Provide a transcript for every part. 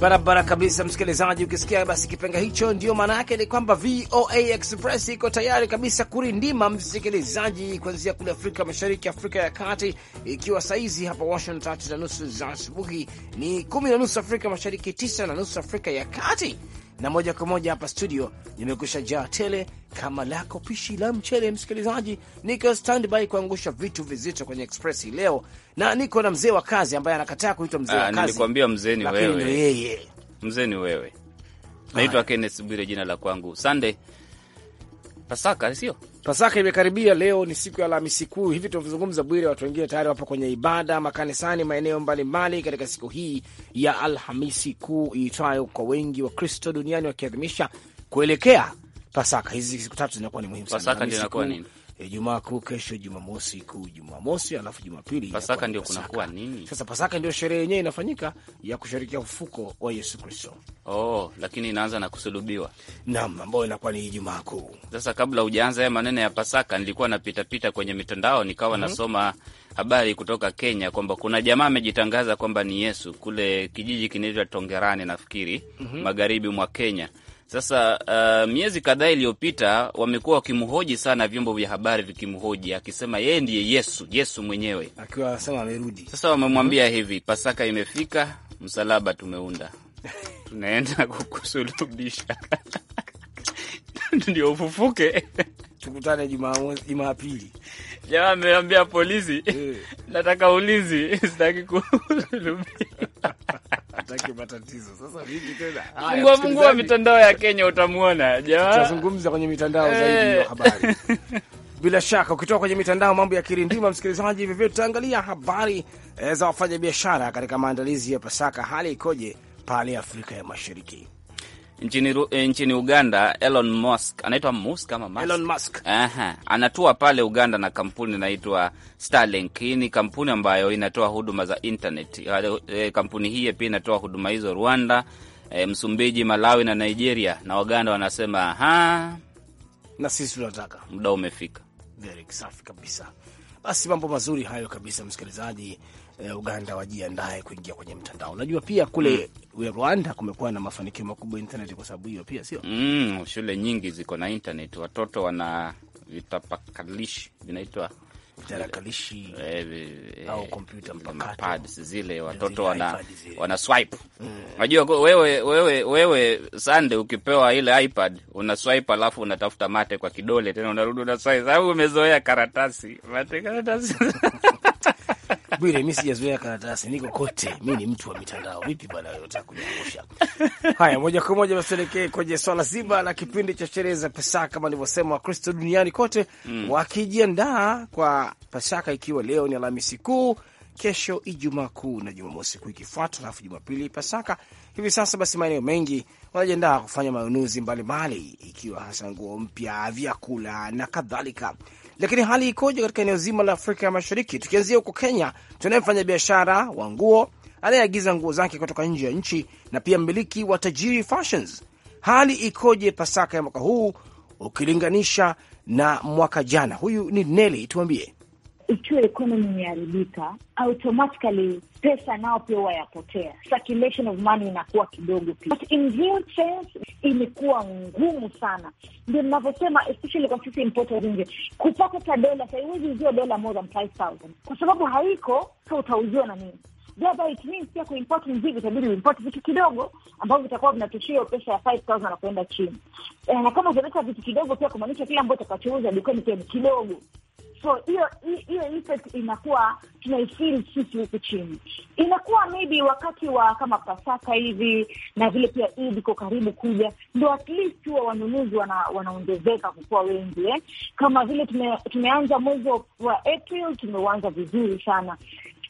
barabara kabisa, msikilizaji. Ukisikia basi kipenga hicho, ndio maana yake ni kwamba VOA Express iko tayari kabisa kurindima msikilizaji, kuanzia kule Afrika Mashariki, Afrika ya Kati, ikiwa saizi hapa Washington tatu na nusu za asubuhi, ni kumi na nusu Afrika Mashariki, tisa na nusu Afrika ya Kati na moja kwa moja hapa studio nimekusha jaa tele kama lako pishi la mchele. Msikilizaji, niko standby kuangusha vitu vizito kwenye Express hii leo, na niko na mzee wa kazi ambaye anakataa kuitwa mzee ah, wa kazi. Nilikwambia mzee ni wewe, mzee ni wewe. Naitwa Kenneth Bwire jina la kwangu. Sande Pasaka, sio Pasaka imekaribia, leo ni siku ya Alhamisi Kuu. Hivi tunavyozungumza, Bwire, watu wengine tayari wapo kwenye ibada makanisani, maeneo mbalimbali, katika siku hii ya Alhamisi Kuu iitwayo kwa wengi wa Kristo duniani wakiadhimisha kuelekea Pasaka. Hizi siku tatu zinakuwa ni muhimu sana. Ijumaa Kuu, kesho Jumamosi Kuu, Jumamosi alafu Jumapili Pasaka ndio kunakuwa nini? Sasa Pasaka ndio sherehe yenyewe inafanyika ya kusherekea ufuko wa Yesu Kristo. Oh, lakini inaanza na kusulubiwa, naam, ambayo inakuwa ni Ijumaa Kuu. Sasa kabla hujaanza haya maneno ya Pasaka, nilikuwa napitapita kwenye mitandao nikawa mm -hmm. nasoma habari kutoka Kenya kwamba kuna jamaa amejitangaza kwamba ni Yesu kule kijiji kinaitwa Tongerani nafikiri, mm -hmm. magharibi mwa Kenya sasa uh, miezi kadhaa iliyopita wamekuwa wakimhoji sana, vyombo vya habari vikimhoji, akisema yeye ndiye Yesu, Yesu mwenyewe akiwa amerudi. Sasa wamemwambia hivi, Pasaka imefika, msalaba tumeunda, tunaenda kukusulubisha ndio ufufuke tukutane Jumapili. Jamaa ameambia polisi, eh. nataka ulizi, sitaki kusulubisha hataki matatizo. Sasa tena? Fungua fungua mitandao ya Kenya utamwona jamaa. Tutazungumza kwenye mitandao zaidi eh. habari. Bila shaka ukitoka kwenye mitandao mambo ya kirindima, msikilizaji, vivyo tutaangalia habari eh, za wafanyabiashara katika maandalizi ya Pasaka, hali ikoje pale Afrika ya Mashariki nchini, eh, nchini Uganda Elon Musk anaitwa Musk ama Musk? Elon Musk. Aha. Anatua pale Uganda na kampuni inaitwa Starlink. Hii ni kampuni ambayo inatoa huduma za internet. Eh, eh, kampuni hii pia inatoa huduma hizo Rwanda, Msumbiji, Malawi na Nigeria, na Waganda wanasema ha, na sisi tunataka, muda umefika. Very safi kabisa. Basi mambo mazuri hayo kabisa, msikilizaji. Uganda wajiandae kuingia kwenye mtandao. Unajua pia kule mm. Rwanda kumekuwa na mafanikio makubwa intaneti kwa sababu hiyo pia, sio mm, shule nyingi ziko na intaneti, watoto wana vitapakalishi vinaitwa tarakilishi eh, eh, au kompyuta mpakato zile, watoto wana, wana swipe. Mm. Unajua mm. wewe, wewe, wewe Sande, ukipewa ile iPad una swipe, alafu unatafuta mate kwa kidole tena unarudi una swipe, sababu umezoea karatasi mate karatasi Bwire, mi sijazoea karatasi, niko kote, mi ni mtu wa mitandao. Vipi bwana, unataka kunyangusha? Haya, moja kwa moja basi tuelekee kwenye swala zima la kipindi cha sherehe za Pasaka. Kama nilivyosema, Wakristo duniani kote mm. wakijiandaa kwa Pasaka, ikiwa leo ni Alhamisi Kuu, kesho Ijumaa Kuu na Jumamosi Kuu ikifuata, alafu Jumapili Pasaka. Hivi sasa basi, maeneo mengi wanajiandaa kufanya manunuzi mbalimbali, ikiwa hasa nguo mpya, vyakula na kadhalika. Lakini hali ikoje katika eneo zima la Afrika ya Mashariki? Tukianzia huko Kenya, tunaye biashara wa nguo anayeagiza nguo zake kutoka nje ya nchi na pia mmiliki wa Tajiri Fashions. Hali ikoje Pasaka ya mwaka huu ukilinganisha na mwaka jana? Huyu ni Neli, tuambie ikiwa economy imeharibika, automatically pesa nao pia huwa yapotea, circulation of money inakuwa kidogo pia, but in real sense imekuwa ngumu sana. Ndio ninavyosema especially kwa sisi importers nje, kupata ta dola sasa, huwezi uziwa dola more than 5000 kwa sababu haiko, so utauziwa na nini? Thereby it means pia kuimport mzigo itabidi uimport vitu kidogo ambavyo vitakuwa vinatushia pesa ya 5000 na kuenda chini. Eh, na kama utaleta vitu kidogo pia kumaanisha kile ambacho utakachouza dukani pia ni kidogo. So hiyo hiyo effect inakuwa tunaifili sisi huku chini, inakuwa maybe wakati wa kama Pasaka hivi na vile pia Eid iko karibu kuja, ndo at least huwa wanunuzi wanaongezeka kukuwa wengi eh. Kama vile tume, tumeanza mwezi wa April tumeuanza vizuri sana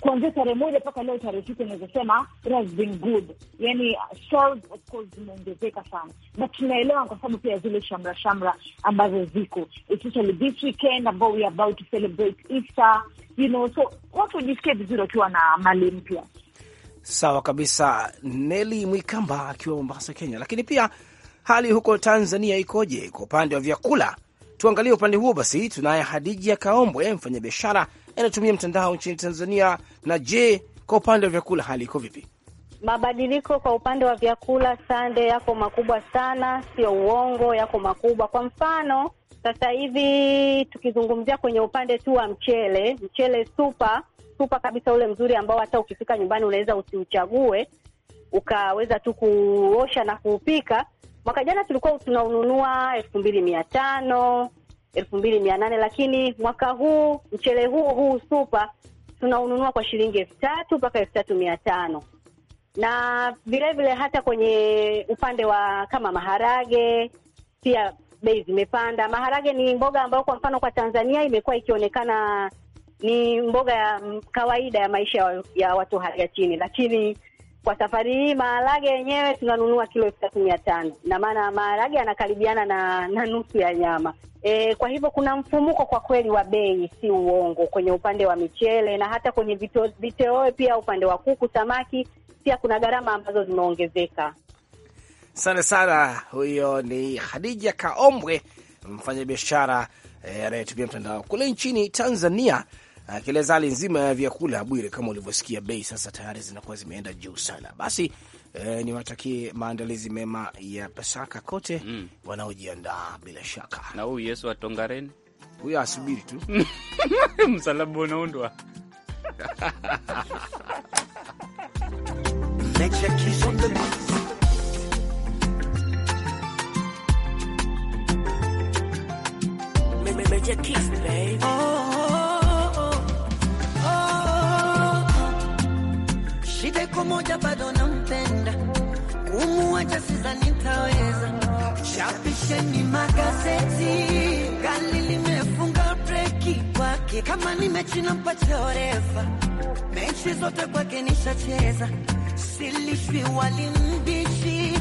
kuanzia tarehe moja mpaka leo tarehe tisa, inaweza sema it has been good, yani sales of course zimeongezeka sana, na tunaelewa kwa sababu pia zile shamra shamra ambazo ziko especially this weekend ambao we are about to celebrate Easter, you know, so watu wajisikie vizuri wakiwa na mali mpya. Sawa kabisa, Neli Mwikamba akiwa Mombasa, Kenya. Lakini pia hali huko Tanzania ikoje kwa upande wa vyakula? Tuangalie upande huo basi. Tunaye Hadija Kaombwe, mfanyabiashara yanayotumia mtandao nchini Tanzania? Na je, kwa upande wa vyakula hali iko vipi? Mabadiliko kwa upande wa vyakula sande, yako makubwa sana, sio uongo, yako makubwa. Kwa mfano sasa hivi tukizungumzia kwenye upande tu wa mchele, mchele supa supa kabisa, ule mzuri ambao hata ukifika nyumbani unaweza usiuchague, ukaweza tu kuosha na kuupika. Mwaka jana tulikuwa tunaununua elfu mbili mia tano elfu mbili mia nane lakini mwaka huu mchele huu huu supa tunaununua kwa shilingi elfu tatu mpaka elfu tatu mia tano na vilevile hata kwenye upande wa kama maharage pia bei zimepanda. Maharage ni mboga ambayo kwa mfano kwa Tanzania imekuwa ikionekana ni mboga ya kawaida ya maisha ya watu hali ya chini, lakini kwa safari hii maharage yenyewe tunanunua kilo elfu tatu mia tano na maana maharage yanakaribiana na, na nusu ya nyama e, kwa hivyo kuna mfumuko kwa kweli wa bei, si uongo, kwenye upande wa michele na hata kwenye viteoe pia upande wa kuku, samaki pia kuna gharama ambazo zimeongezeka. Asante sana. Huyo ni Khadija Kaombwe, mfanyabiashara eh, anayetumia e, mtandao kule nchini Tanzania akieleza hali nzima ya vyakula Bwire, kama ulivyosikia, bei sasa tayari zinakuwa zimeenda juu sana. Basi eh, niwatakie maandalizi mema ya Pasaka kote mm, wanaojiandaa bila shaka. Na huyu Yesu wa huyo asubiri tu msalaba unaundwa moja bado nampenda, kumuacha sidhani taweza. Chapisheni magazeti, gari limefunga breki kwake. Kama ni mechi nampa choreva, mechi zote kwake nishacheza. Silishwi wali mbichi,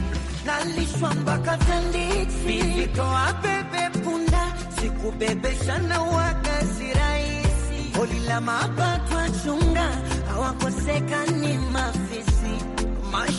nalishwa mpaka tanditi. Nilitoa bebe punda, sikubebesha na wakazi rahisi. Holi la mapato chunga, hawakosekani mafu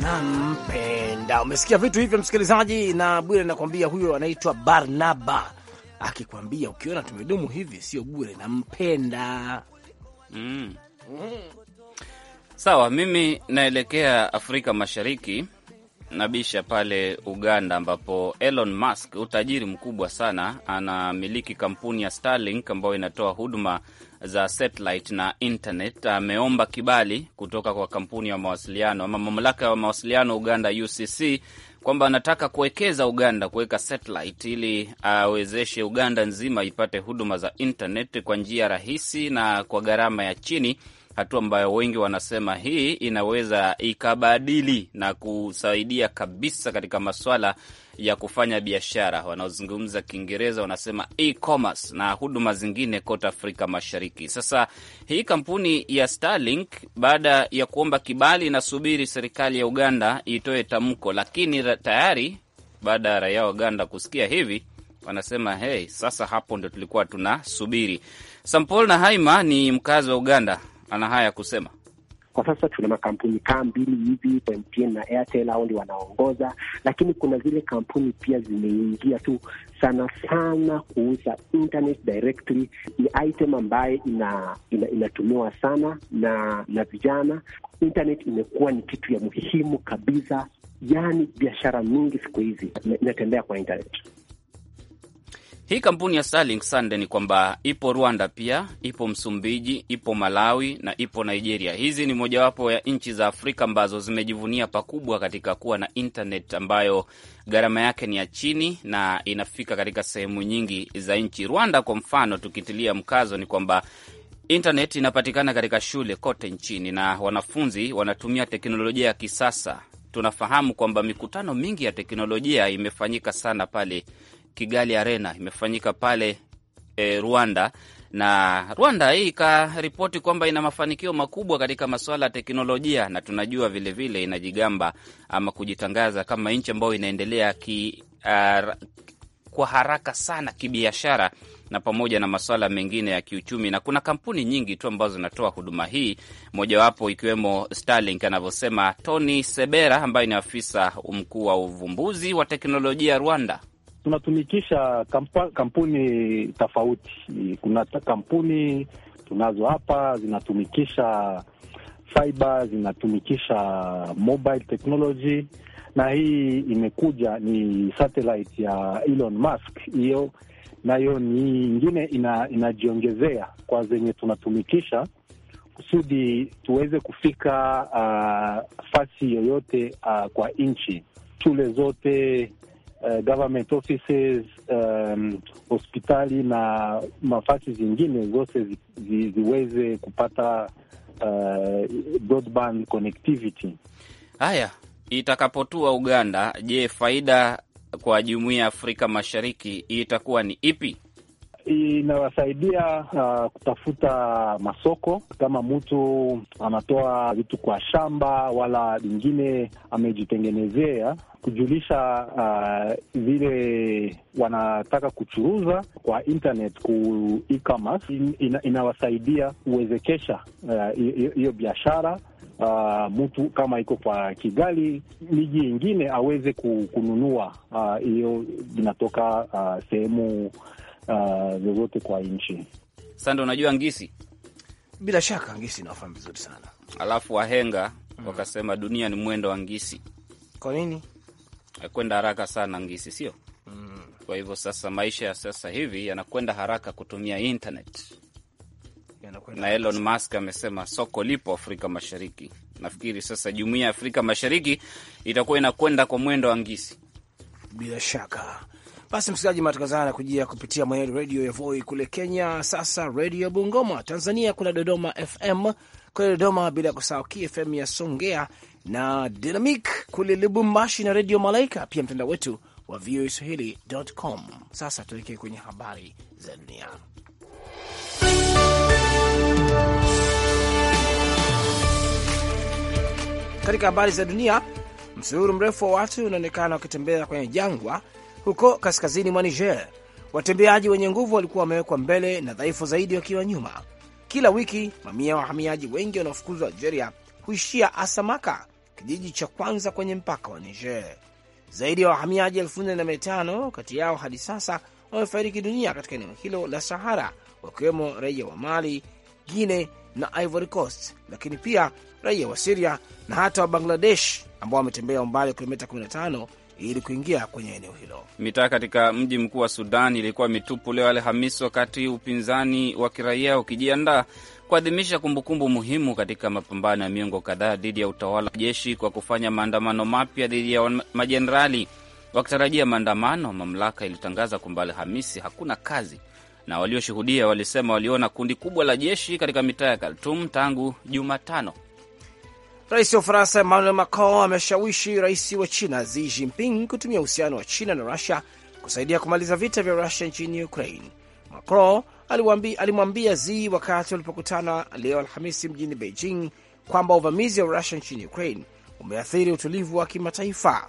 nampenda. Umesikia vitu hivyo msikilizaji, na bure nakwambia, huyo anaitwa Barnaba akikwambia ukiona tumedumu hivi sio bure, nampenda. Mm. Mm. Sawa, mimi naelekea Afrika Mashariki nabisha pale Uganda ambapo Elon Musk, utajiri mkubwa sana, anamiliki kampuni ya Starlink ambayo inatoa huduma za satellite na internet. Ameomba kibali kutoka kwa kampuni ya mawasiliano ama mamlaka ya mawasiliano Uganda, UCC, kwamba anataka kuwekeza Uganda, kuweka satellite ili awezeshe Uganda nzima ipate huduma za internet kwa njia rahisi na kwa gharama ya chini hatua ambayo wengi wanasema hii inaweza ikabadili na kusaidia kabisa katika maswala ya kufanya biashara. Wanaozungumza Kiingereza wanasema e-commerce na huduma zingine kote Afrika Mashariki. Sasa hii kampuni ya Starlink baada ya kuomba kibali, inasubiri serikali ya Uganda itoe tamko, lakini tayari baada ya raia wa Uganda kusikia hivi wanasema hey, sasa hapo ndo tulikuwa tunasubiri. Sampol na Haima ni mkazi wa Uganda, ana haya ya kusema. Kwa sasa tuna makampuni kaa mbili hivi, MTN na Airtel, hao ndio wanaongoza, lakini kuna zile kampuni pia zimeingia tu sana sana kuuza internet directly. Ni item ambayo ina, ina, inatumiwa sana na na vijana. Internet imekuwa ni kitu ya muhimu kabisa, yaani biashara mingi siku hizi inatembea kwa internet. Hii kampuni ya Starlink Sande ni kwamba ipo Rwanda pia ipo Msumbiji, ipo Malawi na ipo Nigeria. Hizi ni mojawapo ya nchi za Afrika ambazo zimejivunia pakubwa katika kuwa na internet ambayo gharama yake ni ya chini na inafika katika sehemu nyingi za nchi. Rwanda kwa mfano, tukitilia mkazo ni kwamba internet inapatikana katika shule kote nchini na wanafunzi wanatumia teknolojia ya kisasa. Tunafahamu kwamba mikutano mingi ya teknolojia imefanyika sana pale Kigali Arena imefanyika pale e, Rwanda na Rwanda hii ikaripoti kwamba ina mafanikio makubwa katika masuala ya teknolojia, na tunajua vilevile vile inajigamba ama kujitangaza kama nchi ambayo inaendelea ki, uh, kwa haraka sana kibiashara na pamoja na masuala mengine ya kiuchumi, na kuna kampuni nyingi tu ambazo zinatoa huduma hii, mojawapo ikiwemo Starlink, anavyosema Tony Sebera ambaye ni afisa mkuu wa uvumbuzi wa teknolojia Rwanda tunatumikisha kampa, kampuni tofauti. Kuna kampuni tunazo hapa zinatumikisha fiber, zinatumikisha mobile technology, na hii imekuja ni satellite ya Elon Musk hiyo nayo ni ingine ina, inajiongezea kwa zenye tunatumikisha kusudi tuweze kufika uh, fasi yoyote uh, kwa nchi. Shule zote uh, government offices um, hospitali na nafasi zingine zote zi, zi, ziweze kupata uh, broadband connectivity. Haya itakapotua Uganda, je, faida kwa jumuiya ya Afrika Mashariki itakuwa ni ipi? inawasaidia uh, kutafuta masoko. Kama mtu anatoa vitu kwa shamba wala lingine amejitengenezea, kujulisha uh, vile wanataka kuchuruza kwa internet ku e-commerce, ina, inawasaidia kuwezekesha uh, hiyo uh, biashara Uh, mtu kama iko kwa Kigali, miji ingine aweze kununua uh, hiyo, uh, inatoka uh, sehemu vyovyote uh, kwa nchi. Sanda, unajua ngisi, bila shaka ngisi nawafahamu vizuri sana. Alafu wahenga mm, wakasema dunia ni mwendo wa ngisi. Kwa nini? Kwenda haraka sana ngisi, sio? Mm. Kwa hivyo sasa maisha ya sasa hivi yanakwenda haraka kutumia internet na Elon Musk amesema soko lipo Afrika Mashariki. Nafikiri sasa jumuiya ya Afrika Mashariki itakuwa inakwenda kwa mwendo wa ngisi, bila shaka. Basi msikilizaji, matangazo haya yanakujia kupitia Mwenedu redio ya Voi kule Kenya, sasa redio Bungoma. Tanzania kuna Dodoma FM kule Dodoma, bila kusahau KFM ya Songea na Dynamic kule Lubumbashi na redio Malaika, pia mtandao wetu wa VOA Swahili.com. Sasa tuelekee kwenye habari za dunia. Katika habari za dunia, msururu mrefu wa watu unaonekana wakitembea kwenye jangwa huko kaskazini mwa Niger. Watembeaji wenye nguvu walikuwa wamewekwa mbele na dhaifu zaidi wakiwa nyuma. Kila wiki mamia ya wahamiaji wengi wanaofukuzwa Algeria huishia Asamaka, kijiji cha kwanza kwenye mpaka wa Niger. Zaidi ya wahamiaji elfu nne na mia tano kati yao hadi sasa wamefariki dunia katika eneo hilo la Sahara, wakiwemo raia wa Mali, Guine na Ivory Coast, lakini pia raia wa Siria na hata wa Bangladesh ambao wametembea umbali wa kilomita 15 ili kuingia kwenye eneo hilo. Mitaa katika mji mkuu wa Sudan ilikuwa mitupu leo Alhamisi, wakati upinzani wa kiraia ukijiandaa kuadhimisha kumbukumbu muhimu katika mapambano ya miongo kadhaa dhidi ya utawala wa jeshi kwa kufanya maandamano mapya dhidi ya majenerali. Wakitarajia maandamano, mamlaka ilitangaza kwamba Alhamisi hakuna kazi, na walioshuhudia walisema waliona kundi kubwa la jeshi katika mitaa ya kartum tangu Jumatano. Rais wa Ufaransa Emmanuel Macron ameshawishi rais wa China Xi Jinping kutumia uhusiano wa China na Rusia kusaidia kumaliza vita vya Rusia nchini Ukraine. Macron alimwambia Xi wakati walipokutana leo Alhamisi mjini Beijing kwamba uvamizi wa Rusia nchini Ukraine umeathiri utulivu wa kimataifa.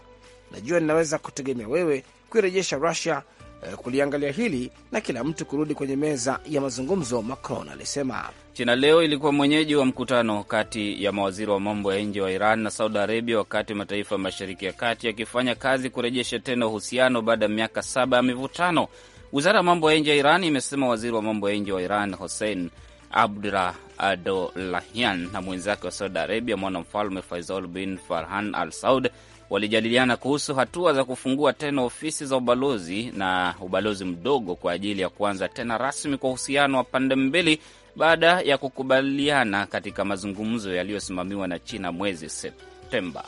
Najua ninaweza kutegemea wewe kuirejesha Rusia, eh, kuliangalia hili na kila mtu kurudi kwenye meza ya mazungumzo, Macron alisema. China leo ilikuwa mwenyeji wa mkutano kati ya mawaziri wa mambo ya nje wa Iran na Saudi Arabia, wakati mataifa ya Mashariki ya Kati yakifanya kazi kurejesha tena uhusiano baada ya miaka saba ya mivutano. Wizara ya mambo ya nje ya Iran imesema waziri wa mambo ya nje wa Iran Hossein Abdullah Adolahian na mwenzake wa Saudi Arabia mwanamfalme Faisal bin Farhan Al Saud walijadiliana kuhusu hatua za kufungua tena ofisi za ubalozi na ubalozi mdogo kwa ajili ya kuanza tena rasmi kwa uhusiano wa pande mbili baada ya kukubaliana katika mazungumzo yaliyosimamiwa na China mwezi Septemba.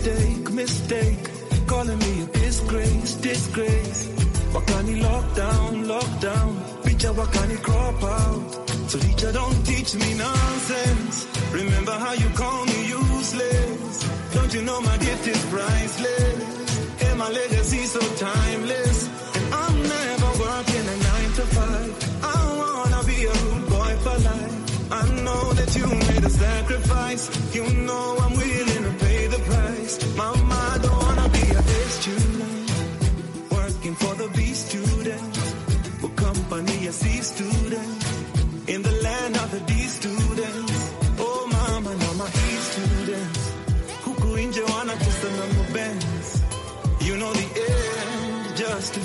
Mistake, mistake. calling me a disgrace, disgrace. Why can't he lock down, lock down? Teacher, why can't he crop out? So teacher, don't teach me nonsense. Remember how you call me useless. Don't you know my gift is priceless? And my legacy so timeless. And I'm never working a nine to five. I wanna be a rude boy for life. I know that you made a sacrifice. You know I'm willing to pay the price. My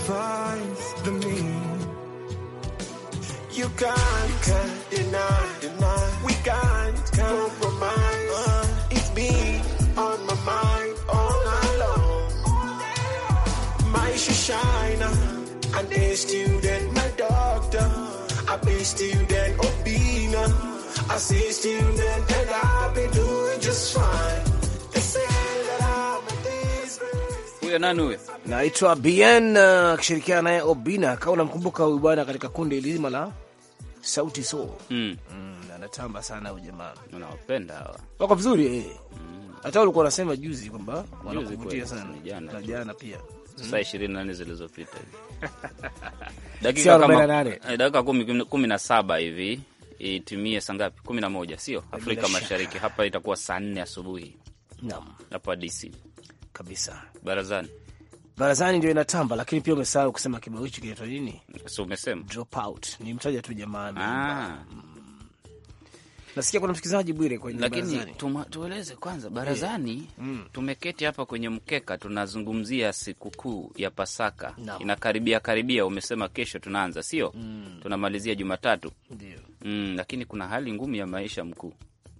sacrifice the me. You can't, can't deny, deny. We can't, can't compromise. Uh, it's been on my mind all night long. My Shoshana, I'm a student, my doctor. I'm a student, Obina. I say student, and I've been doing just fine. Huyo nani huyo? Naitwa Bien uh, akishirikiana naye Obina. Kama unamkumbuka huyu bwana katika kundi lizima la Sauti Sol. Mm. Mm, anatamba sana huyu jamaa. Unawapenda hawa. Wako vizuri eh. Mm. Hata ulikuwa unasema juzi kwamba wanakuvutia sana. Jana, na jana pia. Saa 24 zilizopita hivi. Dakika kama eh, dakika 10 17 hivi itimie saa ngapi? 11 sio? Afrika Mashariki hapa itakuwa saa 4 asubuhi. Naam. Hapa DC kabisa. Barazani, barazani ndio inatamba, lakini pia umesahau kusema kibao hichi kinaitwa nini? So, umesema drop out, ni mtaja tu Ah, mm. Nasikia kuna msikilizaji Bwire kwenye lakini tuma, tueleze kwanza eh. barazani yeah. mm. Tumeketi hapa kwenye mkeka tunazungumzia sikukuu ya Pasaka no. Inakaribia karibia, umesema kesho tunaanza, sio mm. Tunamalizia Jumatatu mm, lakini kuna hali ngumu ya maisha mkuu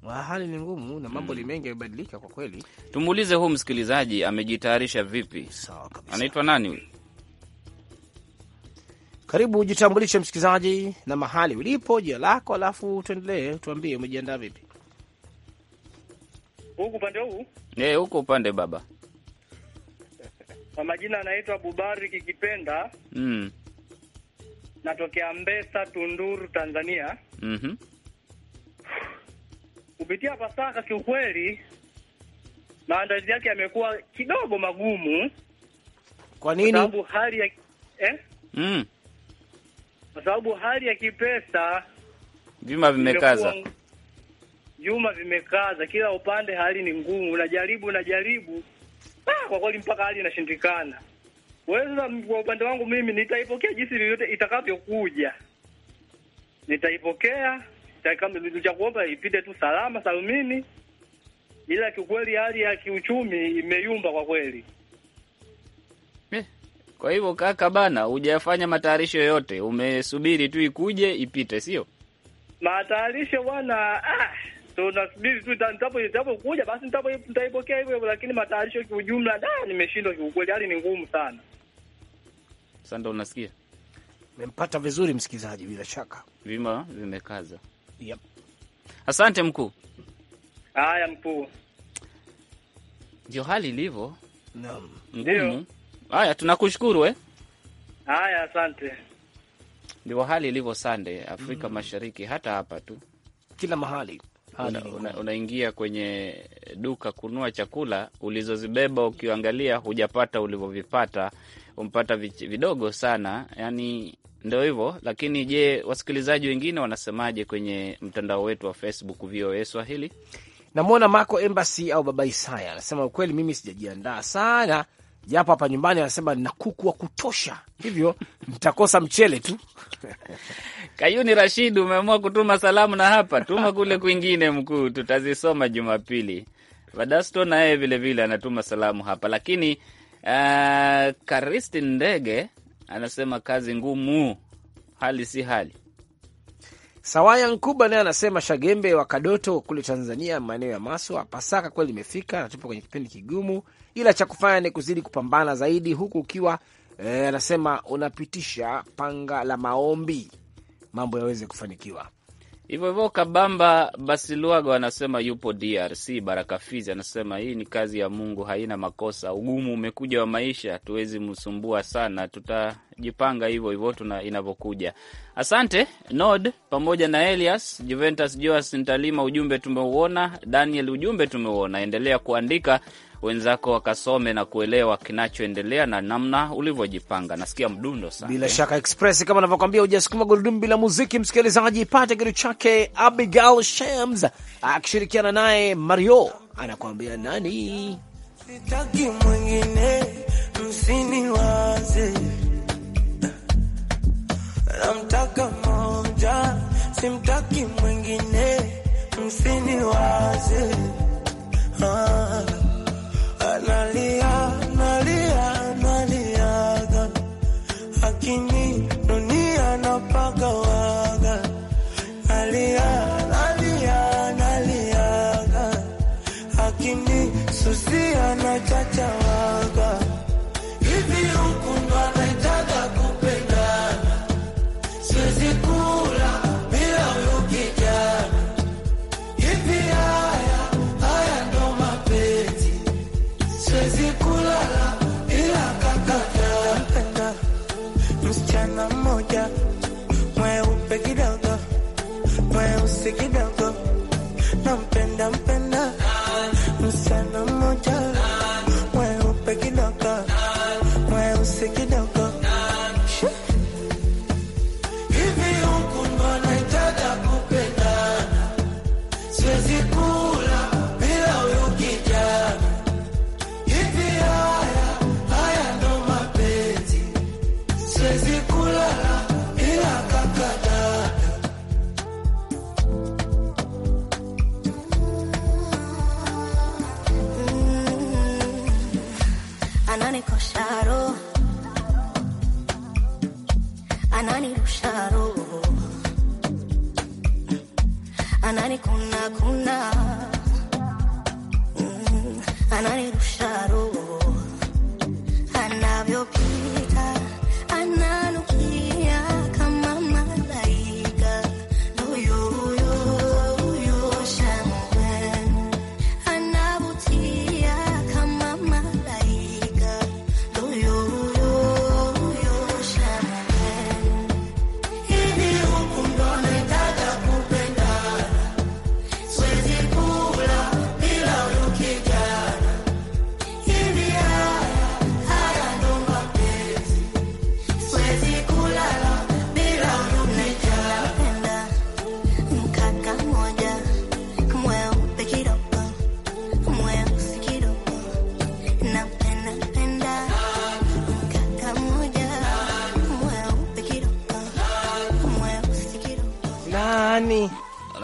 Ah, hali ni ngumu na mambo hmm. ni hmm, mengi yamebadilika kwa kweli. Tumuulize huu msikilizaji amejitayarisha vipi? Sawa kabisa. Anaitwa nani Karibu, ujitambulishe msikilizaji na mahali ulipo, jina lako, alafu tuendelee, tuambie umejiandaa vipi huku upande huu eh, huko upande baba. Kwa majina anaitwa Bubari Kikipenda. Mm. Natokea Mbesa, Tunduru, Tanzania. Mhm. Mm kupitia Pasaka kiukweli maandalizi yake yamekuwa kidogo magumu. Kwa nini? Kwa sababu hali ya eh? Mm. Kwa sababu hali ya kipesa vyuma vimekaza, vyuma vimekaza, kila upande hali ni ngumu, unajaribu unajaribu, ah, kwa kweli mpaka hali inashindikana. Weza kwa upande wangu mimi nitaipokea jinsi lolote itakavyokuja, nitaipokea kama cha kuomba ipite tu salama salumini, ila kiukweli hali ya kiuchumi imeyumba kwa kweli. Eh, kwa hivyo kaka bana, hujafanya matayarisho yoyote, umesubiri tu ikuje ipite, sio matayarisho bwana. Ah, tunasubiri tu itapokuja, basi nitaipokea hivyo hivyo, lakini matayarisho kiujumla, da, nimeshindwa kiukweli, hali ni ngumu sana. Sasa ndo unasikia umempata vizuri msikilizaji, bila shaka vima vimekaza. Yep. Asante mkuu. Haya mkuu, ndio hali ilivyo. ndio haya, tunakushukuru eh. Haya, asante. Ndio hali ilivyo sande Afrika mm. Mashariki, hata hapa tu, kila mahali unaingia una, una kwenye duka kununua chakula, ulizozibeba ukiangalia hujapata ulivyovipata, umpata vidogo sana yani Ndo hivyo lakini, je, wasikilizaji wengine wanasemaje kwenye mtandao wetu wa Facebook VOA Swahili? Namwona Mako Embassy au Baba Isaya anasema ukweli, mimi sijajiandaa sana, japo hapa nyumbani anasema nina kuku wa kutosha, hivyo mtakosa mchele tu. Kayuni Rashid, umeamua kutuma salamu na hapa, tuma kule kwingine, mkuu, tutazisoma Jumapili. Vadasto naye vilevile anatuma salamu hapa, lakini uh, Karisti Ndege anasema kazi ngumu, hali si hali. Sawaya Nkuba naye anasema Shagembe wa Kadoto kule Tanzania, maeneo ya Maswa, Pasaka kweli imefika na tupo kwenye kipindi kigumu, ila cha kufanya ni kuzidi kupambana zaidi, huku ukiwa eh, anasema unapitisha panga la maombi mambo yaweze kufanikiwa. Hivyo hivyo Kabamba Basiluaga wanasema yupo DRC. Baraka Fizi anasema hii ni kazi ya Mungu, haina makosa. Ugumu umekuja wa maisha, tuwezi msumbua sana, tuta jipanga hivyo hivyo tuna inavyokuja. Asante Nod pamoja na Elias Juventus, Joas Ntalima, ujumbe tumeuona. Daniel, ujumbe tumeuona. Endelea kuandika wenzako wakasome na kuelewa kinachoendelea na namna ulivyojipanga. Nasikia mdundo sana, bila shaka express kama anavyokwambia, ujasukuma gurudumu bila muziki. Msikilizaji, pate kitu chake Abigail Shams akishirikiana naye Mario anakuambia nani, sitaki mwingine msiniwaze namtaka moja, simtaki mwingine, msiniwaze ah, analia sick it up. cosciaro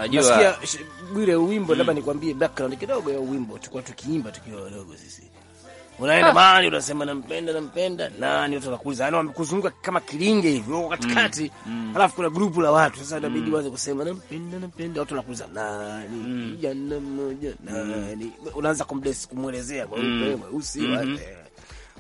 Unajua bure wimbo labda nikwambie background kidogo ya wimbo, tukwa tukiimba tukiwa wadogo sisi. Unaenda ah. mali unasema nampenda nampenda nani, watu wanakuuliza yani, wamekuzunguka kama kilinge hivi katikati, mm, mm, mm. alafu kuna grupu la watu sasa, inabidi waanze kusema nampenda nampenda, watu wanakuuliza nani, jana mmoja nani, unaanza kumdes kumwelezea kwa mweusi mm-hmm. wake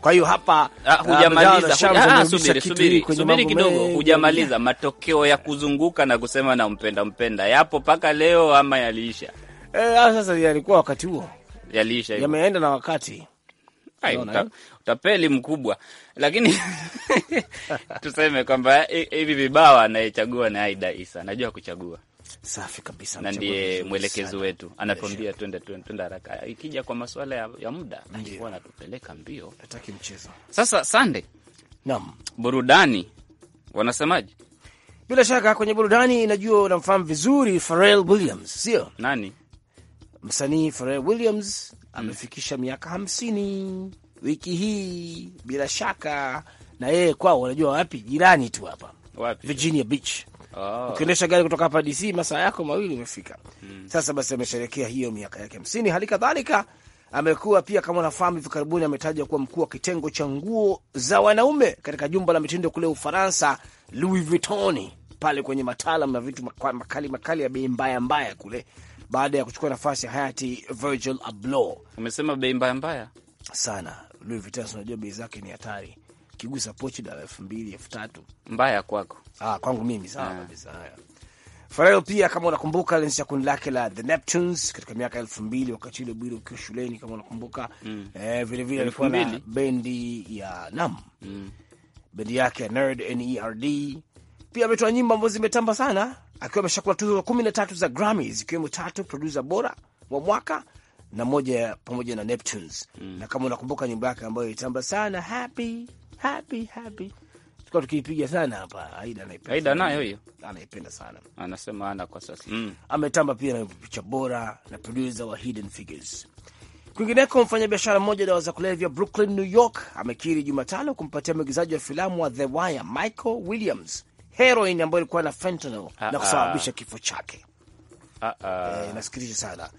kwa hiyo hapa ah, ah, hujamaliza, ah, subiri kidogo, hujamaliza. Matokeo ya kuzunguka na kusema na mpenda mpenda yapo mpaka leo ama yaliisha? E, sasa yalikuwa wakati huo, yaliisha, yameenda na wakati no, uta, utapeli mkubwa lakini tuseme kwamba eh, hivi vibawa anayechagua na Aida Isa, najua kuchagua Safi kabisa, na ndiye mwelekezi wetu anatuambia twende twende haraka. Ikija kwa masuala ya, ya muda alikuwa anatupeleka mbio, hataki mchezo. Sasa sande, naam, burudani wanasemaje? Bila shaka kwenye burudani, najua unamfahamu vizuri Pharrell Williams, sio nani? Msanii Pharrell Williams mm. amefikisha mm, miaka hamsini wiki hii. Bila shaka na yeye kwao, unajua wapi? Jirani tu hapa wapi? Virginia Beach oh. Ukiendesha gari kutoka hapa DC masaa yako mawili umefika. Hmm. Sasa basi amesherekea hiyo miaka yake hamsini. Hali kadhalika amekuwa pia, kama unafahamu, hivi karibuni ametajwa kuwa mkuu wa kitengo cha nguo za wanaume katika jumba la mitindo kule Ufaransa, Louis Vuitton, pale kwenye mataalam na vitu makali makali ya bei mbaya mbaya kule, baada ya kuchukua nafasi ya hayati Virgil Abloh. Amesema bei mbaya mbaya sana. Louis Vuitton, unajua bei zake ni hatari ukigusa pochi dola elfu mbili elfu tatu mbaya kwako? Ah, kwangu mimi sawa eh. kabisa. Haya, Farel pia kama unakumbuka alianzisha kundi lake la The Neptunes katika miaka elfu mbili wakati ule Bwiri ukiwa shuleni kama unakumbuka mm. Eh, vilevile alikuwa na bendi ya Nam mm. bendi yake ya Nerd Nerd pia ametoa nyimbo ambazo zimetamba sana akiwa ameshakula tuzo kumi na tatu za Grammy zikiwemo tatu produsa bora wa mwaka na moja pamoja na Neptunes mm. na kama unakumbuka nyimbo yake ambayo ilitamba sana happy happy happy tulikuwa tukiipiga sana hapa. Aida anaipenda, Aida nayo hiyo anaipenda sana, anasema ana kwa sasa mm. Ametamba pia na picha bora na producer wa Hidden Figures. Kwingineko, mfanyabiashara mmoja dawa za kulevya Brooklyn, New York amekiri Jumatano kumpatia mwigizaji wa filamu wa The Wire Michael Williams heroin ambayo ilikuwa na fentanyl na ah, ah. kusababisha kifo chake. uh ah, -uh. E, eh, Nasikitisha sana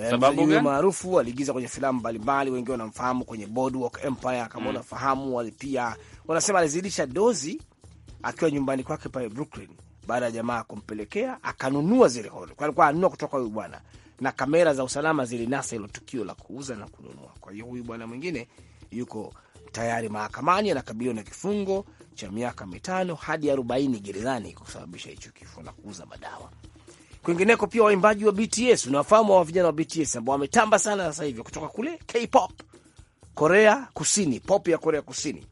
Eh, Sababu gani? Maarufu aliigiza kwenye filamu mbalimbali, wengi wanamfahamu kwenye Boardwalk Empire kama mm. unafahamu. Wali pia wanasema alizidisha dozi akiwa nyumbani kwake pale Brooklyn, baada ya jamaa kumpelekea akanunua zile horror, kwa alikuwa anunua kutoka huyu bwana, na kamera za usalama zilinasa hilo tukio la kuuza na kununua. Kwa hiyo huyu bwana mwingine yuko tayari mahakamani, anakabiliwa na kifungo cha miaka mitano hadi arobaini gerezani kusababisha hicho kifo na kuuza madawa. Kwingineko pia waimbaji wa BTS, unawafahamu wa vijana wa BTS ambao wametamba sana sasa hivi kutoka kule K-pop Korea Kusini, pop ya Korea Kusini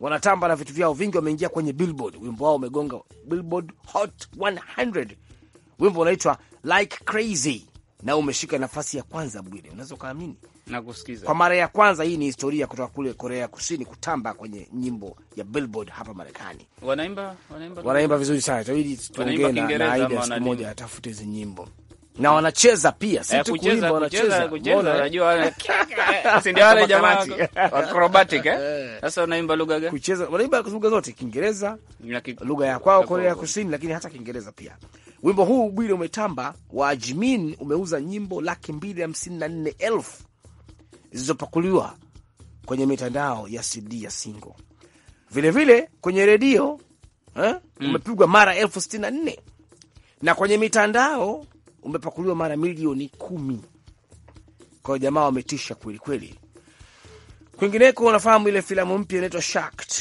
wanatamba na vitu vyao vingi, wameingia kwenye Billboard. Wimbo wao umegonga Billboard Hot 100, wimbo unaitwa Like Crazy na umeshika nafasi ya kwanza. bwili unaweza ukaamini nakusikiza kwa mara ya kwanza. Hii ni historia kutoka kule Korea Kusini kutamba kwenye nyimbo ya Billboard hapa Marekani. Wanaimba, wanaimba, wanaimba vizuri sana. Itabidi tuongee na Aida siku moja atafute hizi nyimbo na wanacheza pia, si eh, tu kuimba, wanacheza. Eh? Unajua eh, si ndio wale jamaa acrobatic eh? Sasa wanaimba lugha gani? Kucheza, wanaimba lugha zote, Kiingereza, lugha ya kwao Korea Kusini, lakini hata Kiingereza pia. Wimbo huu Bwili umetamba wa Jimin umeuza nyimbo laki mbili hamsini na nne elfu zilizopakuliwa kwenye mitandao ya CD ya single, vile kwenye redio eh, mm. umepigwa mm. mara elfu sitini na nne na kwenye mitandao umepakuliwa mara milioni kumi. Kwa jamaa wametisha kweli kweli. Kwingineko unafahamu ile filamu mpya inaitwa Shaft.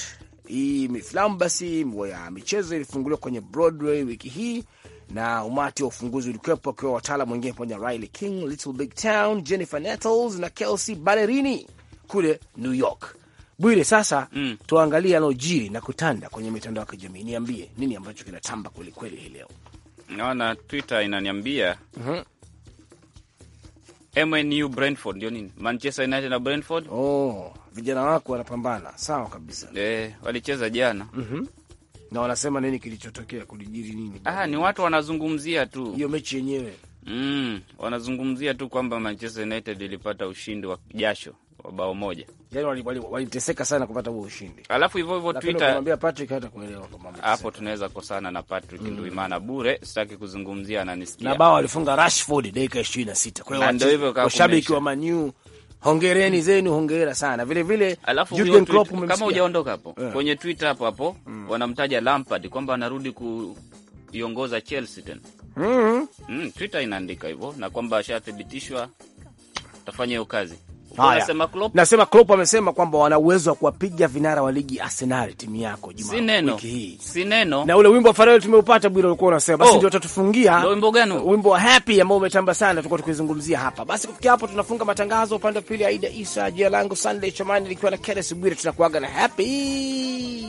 Hii filamu basi ya michezo ilifunguliwa kwenye Broadway wiki hii na umati wa ufunguzi ulikwepo, akiwa wataalam wengine pamoja na Riley King, Little Big Town, Jennifer Nettles na Kelsey Ballerini kule New York. Bwire, sasa mm, tuangalie anaojiri na kutanda kwenye mitandao ya kijamii. Niambie nini ambacho kinatamba kwelikweli hii leo. Naona Twitter inaniambia mm -hmm. MNU Brentford, ndio nini? Manchester United na Brentford. Oh, vijana wako wanapambana, sawa kabisa eh, walicheza jana Mhm. Mm na wanasema nini kilichotokea, kulijiri nini? Aha, ni watu wanazungumzia tu hiyo mechi yenyewe mm, wanazungumzia tu kwamba Manchester United ilipata ushindi wa jasho wa bao moja, yani waliteseka sana kupata huo ushindi. Alafu hivyo hivyo Twitter Patrick hata kuelewa hapo, tunaweza kosana na Patrick mm. Nduimana bure, sitaki kuzungumzia, ananisikia na bao alifunga Rashford dakika ishirini Kwa hiyo ndio hivyo, wa Man hongereni zenu, hongera sana vilevile. Jurgen Klopp kama hujaondoka hapo yeah, kwenye Twitter hapo hapo mm, wanamtaja Lampard kwamba anarudi kuiongoza Chelsea tena mm -hmm. Mm, Twitter inaandika hivyo na kwamba ashathibitishwa atafanya hiyo kazi. Nasema Klopp, nasema Klopp amesema kwamba wana uwezo wa kuwapiga vinara wa ligi Arsenal, timu yako Juma, si neno, si neno. Na ule wimbo wa Farewell tumeupata bila ulikuwa unasema, basi oh. ndio utatufungia wimbo gani? Wimbo wa Happy ambao umetamba sana, tulikuwa tukizungumzia hapa. Basi kufikia hapo tunafunga matangazo upande wa pili. Aida Isa, jina langu Sunday Chamani likiwa na Kenes Bwire, tunakuaga na Happy.